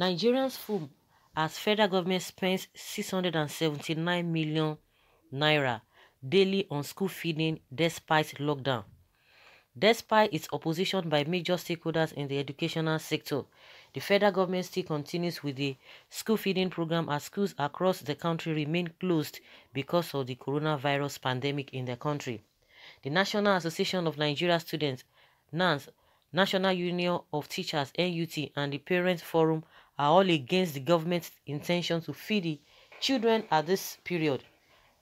Nigerians full as federal government spends 679 million naira daily on school feeding despite lockdown. Despite its opposition by major stakeholders in the educational sector, the federal government still continues with the school feeding program as schools across the country remain closed because of the coronavirus pandemic in the country. The National Association of Nigeria Students, NANS, National Union of Teachers, NUT, and the Parents Forum are all against the government's intention to feed the children at this period.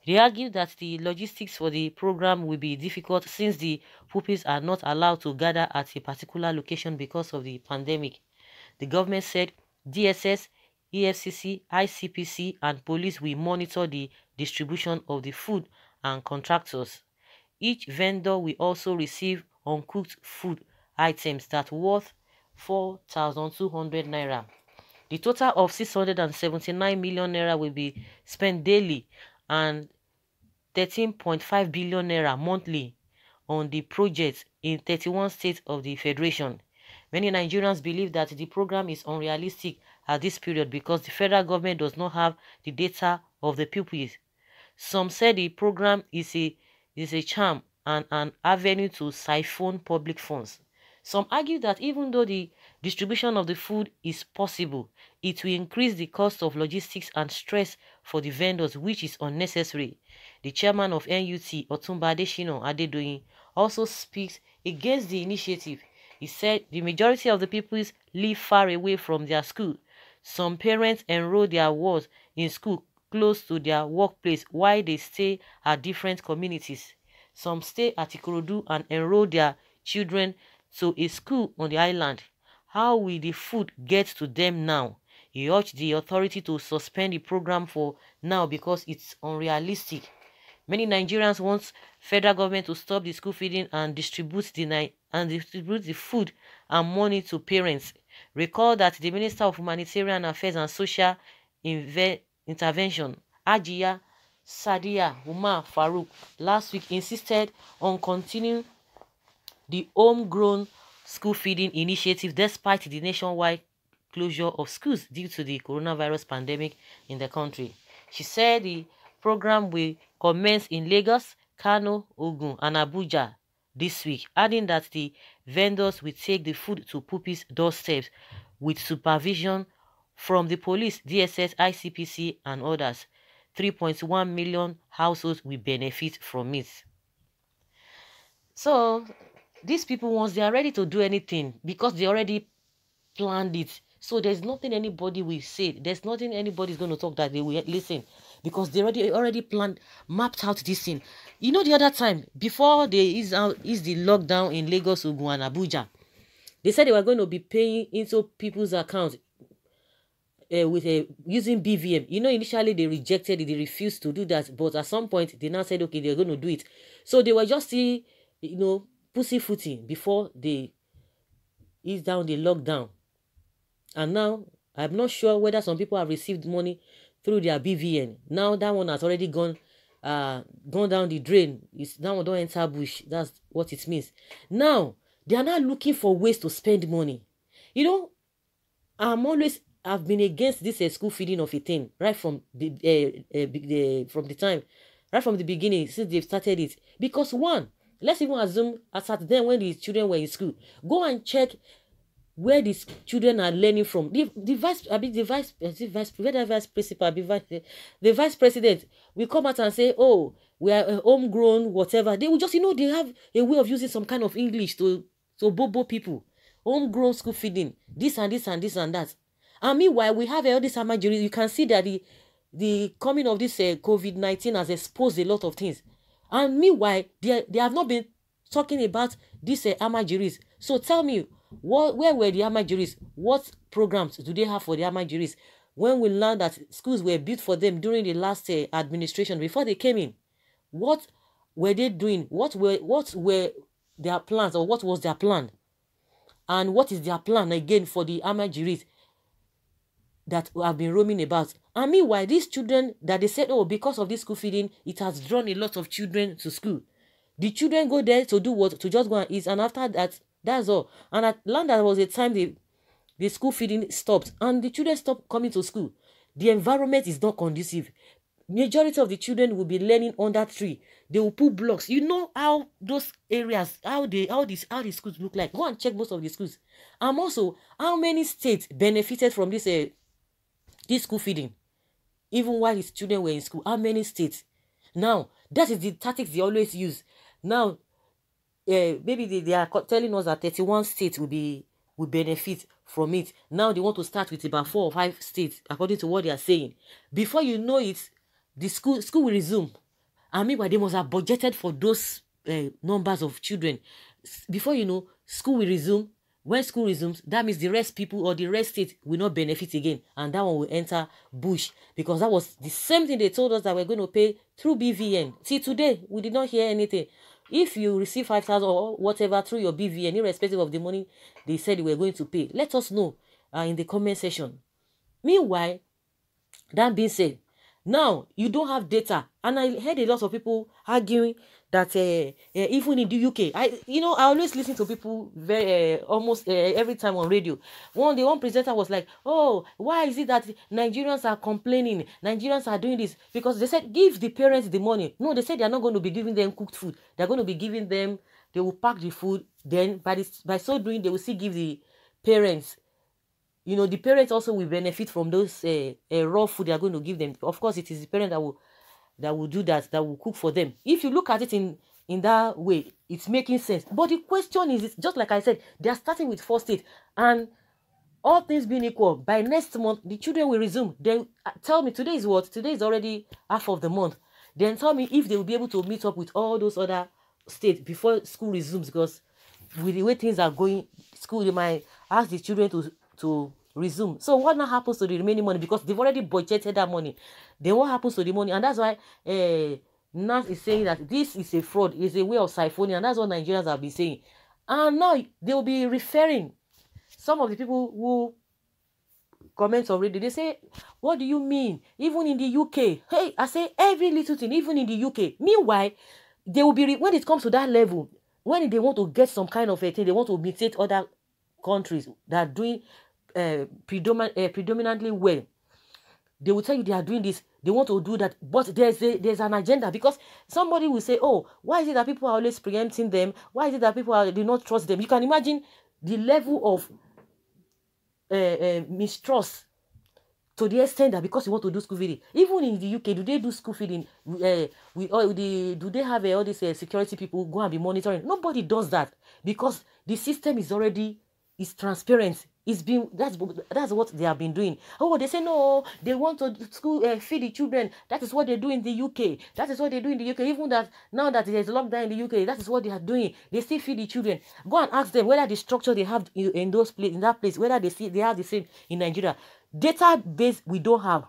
They argue that the logistics for the program will be difficult since the pupils are not allowed to gather at a particular location because of the pandemic. The government said DSS, EFCC, ICPC, and police will monitor the distribution of the food and contractors. Each vendor will also receive uncooked food items that worth 4,200 naira. The total of 679 million naira will be spent daily and 13.5 billion naira monthly on the project in 31 states of the federation. Many Nigerians believe that the program is unrealistic at this period because the federal government does not have the data of the pupils. Some say the program is a is a charm and an avenue to siphon public funds. Some argue that even though the distribution of the food is possible. It will increase the cost of logistics and stress for the vendors, which is unnecessary. The chairman of NUT, Otumba Adeshino Adedoyin, also speaks against the initiative. He said the majority of the pupils live far away from their school. Some parents enroll their wards in school close to their workplace while they stay at different communities. Some stay at Ikorodu and enroll their children to a school on the island. How will the food get to them now? He urged the authority to suspend the program for now because it's unrealistic. Many Nigerians want federal government to stop the school feeding and distribute the and distribute the food and money to parents. Recall that the Minister of Humanitarian Affairs and Social Inve Intervention, Ajia Sadia Umar Farouk, last week insisted on continuing the homegrown school feeding initiative despite the nationwide closure of schools due to the coronavirus pandemic in the country. She said the program will commence in Lagos, Kano, Ogun, and Abuja this week, adding that the vendors will take the food to pupils' doorsteps with supervision from the police, DSS, ICPC, and others. 3.1 million households will benefit from it. So these people, once they are ready to do anything, because they already planned it, so there's nothing anybody will say. There's nothing anybody's going to talk that they will listen because they already already planned, mapped out this thing. You know, the other time before they is out is the lockdown in Lagos, Ogun, and Abuja, they said they were going to be paying into people's accounts uh, eh, with a eh, using BVM. You know, initially they rejected it, they refused to do that, but at some point they now said okay, they're going to do it. So they were just see, you know, pussyfooting before they ease down the lockdown. And now, I'm not sure whether some people have received money through their BVN. Now that one has already gone uh, gone down the drain. It's, now one don't enter bush. That's what it means. Now, they are not looking for ways to spend money. You know, I'm always I've been against this uh, school feeding of a thing right from the uh, uh, uh from the time, right from the beginning since they've started it. Because one, Let's even assume as at then when the children were in school. Go and check where the children are learning from. The, the vice, I mean, the vice, eh, the vice, the vice principal, the vice, eh, the vice president will come out and say, "Oh, we are uh, homegrown, whatever." They will just, you know, they have a way of using some kind of English to to bobo people. Homegrown school feeding, this and this and this and that. And meanwhile, we have all this amajiri. You can see that the the coming of this uh, COVID nineteen has exposed a lot of things. And meanwhile, they, they have not been talking about these uh, Amajiris. So tell me, what, where were the Amajiris? What programs do they have for the Amajiris? When we learned that schools were built for them during the last uh, administration, before they came in, what were they doing? What were, what were their plans or what was their plan? And what is their plan again for the Amajiris? that have been roaming about. And meanwhile, these children that they said, oh, because of this school feeding, it has drawn a lot of children to school. The children go there to do what? To just go and eat. And after that, that's all. And at learned there was a time the the school feeding stopped and the children stopped coming to school. The environment is not conducive. Majority of the children will be learning under tree. They will put blocks. You know how those areas, how they how this how the schools look like. Go and check most of the schools. And also, how many states benefited from this uh, this school feeding even while his children were in school how many states now that is the tactics they always use now uh, maybe they, they are telling us that 31 states will be will benefit from it now they want to start with about four or five states according to what they are saying before you know it the school school will resume and meanwhile they must have budgeted for those uh, numbers of children before you know school will resume when school resumes that means the rest people or the rest state will not benefit again and that one will enter bush because that was the same thing they told us that we're going to pay through bvn see today we did not hear anything if you receive five thousand or whatever through your bvn irrespective of the money they said were going to pay let us know uh, in the comment section meanwhile that being said now you don't have data and i heard a lot of people arguing that uh, uh, even in the UK, I you know I always listen to people very uh, almost uh, every time on radio. One the one presenter was like, "Oh, why is it that Nigerians are complaining? Nigerians are doing this because they said give the parents the money. No, they said they are not going to be giving them cooked food. They are going to be giving them. They will pack the food. Then by this by so doing, they will still give the parents." You know the parents also will benefit from those uh, uh, raw food they are going to give them. Of course, it is the parent that will that will do that that will cook for them if you look at it in in that way it's making sense but the question is just like i said they are starting with first aid and all things being equal by next month the children will resume they uh, tell me today is what today is already half of the month then tell me if they will be able to meet up with all those other states before school resumes because with the way things are going school they might ask the children to to resume. So what now happens to the remaining money? Because they've already budgeted that money. Then what happens to the money? And that's why uh, NAS is saying that this is a fraud, is a way of siphoning, and that's what Nigerians have been saying. And now they will be referring some of the people who comments already. They say, What do you mean? Even in the UK, hey, I say every little thing, even in the UK. Meanwhile, they will be when it comes to that level, when they want to get some kind of a thing, they want to imitate other countries that are doing uh, uh, predominantly well they will tell you they are doing this they want to do that but there's a there's an agenda because somebody will say oh why is it that people are always preempting them why is it that people are, do not trust them you can imagine the level of uh, uh, mistrust to the extent that because you want to do school feeding even in the uk do they do school feeding uh, with oh, all the do they have uh, all these uh, security people go and be monitoring nobody does that because the system is already is transparent It's been that's that's what they have been doing. Oh, they say no, they want to school uh, feed the children. That is what they do in the UK. That is what they do in the UK. Even that now that there's lockdown in the UK, that is what they are doing. They still feed the children. Go and ask them whether the structure they have in, in those place in that place whether they see they have the same in Nigeria. Database we don't have,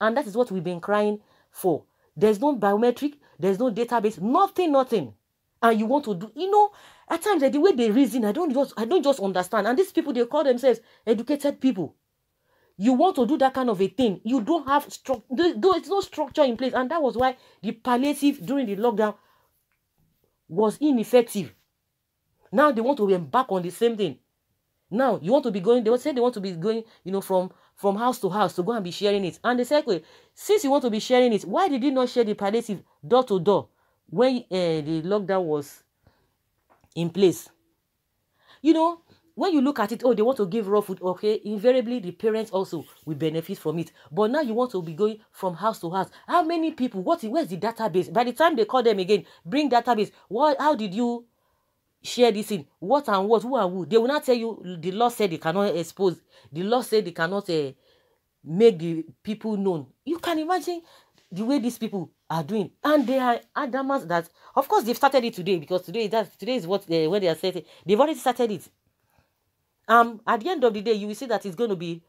and that is what we've been crying for. There's no biometric. There's no database. Nothing. Nothing and you want to do you know at times eh, the way they reason i don't just i don't just understand and these people they call themselves educated people you want to do that kind of a thing you don't have structure though it's no structure in place and that was why the palliative during the lockdown was ineffective now they want to embark on the same thing now you want to be going they say they want to be going you know from from house to house to go and be sharing it and the second since you want to be sharing it why did you not share the palliative door to door when uh, the lockdown was in place you know when you look at it oh they want to give raw food okay invariably the parents also will benefit from it but now you want to be going from house to house how many people what where's the database by the time they call them again bring database what how did you share this in what and what who and who they will not tell you the law said they cannot expose the law said they cannot uh, make the people known you can imagine the way these people are doing and they are adamant that of course they've started it today because today that today is what they, eh, when they are setting they've already started it um at the end of the day you will see that it's going to be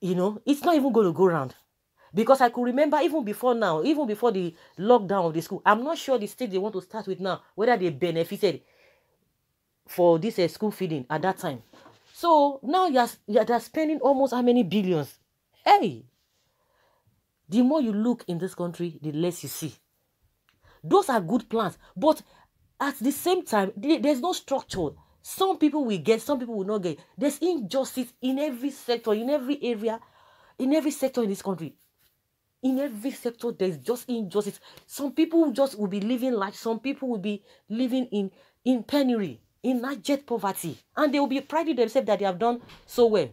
you know it's not even going to go round because i could remember even before now even before the lockdown of the school i'm not sure the state they want to start with now whether they benefited for this uh, school feeding at that time so now you're, you're spending almost how many billions hey the more you look in this country, the less you see. Those are good plans, but at the same time, there's no structure. Some people will get, some people will not get. There's injustice in every sector, in every area, in every sector in this country. In every sector, there's just injustice. Some people just will be living like some people will be living in in penury, in abject poverty, and they will be priding themselves that they have done so well.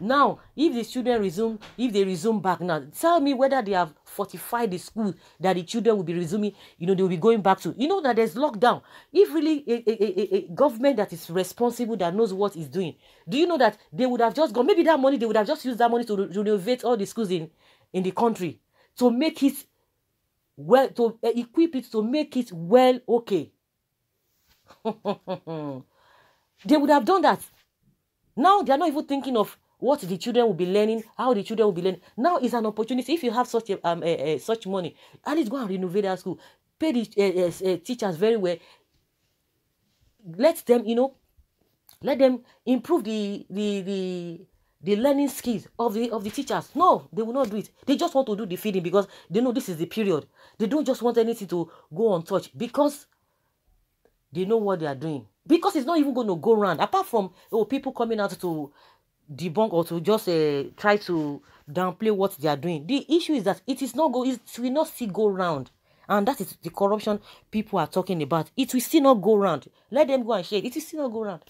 Now, if the students resume, if they resume back now, tell me whether they have fortified the school that the children will be resuming, you know, they will be going back to. You know that there's lockdown. If really a, a, a, a government that is responsible, that knows what is doing, do you know that they would have just gone, maybe that money, they would have just used that money to renovate all the schools in, in the country to make it well, to equip it, to make it well okay. they would have done that. Now they are not even thinking of what the children will be learning, how the children will be learning. Now is an opportunity. If you have such a, um, a, a, such money, at least go and renovate that school. Pay the uh, uh, teachers very well. Let them, you know, let them improve the the the the learning skills of the of the teachers. No, they will not do it. They just want to do the feeding because they know this is the period. They don't just want anything to go untouched because they know what they are doing. Because it's not even going to go round. Apart from oh, people coming out to debunk or to just uh, try to downplay what they are doing. The issue is that it is not go it will not see go round. And that is the corruption people are talking about. It will still not go round. Let them go and share it. will still not go round.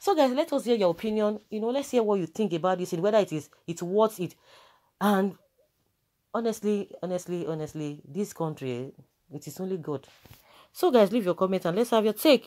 So guys, let us hear your opinion. You know, let's hear what you think about this and whether it is it's worth it. And honestly, honestly, honestly, this country, eh, it is only good. So guys, leave your comment and let's have your take.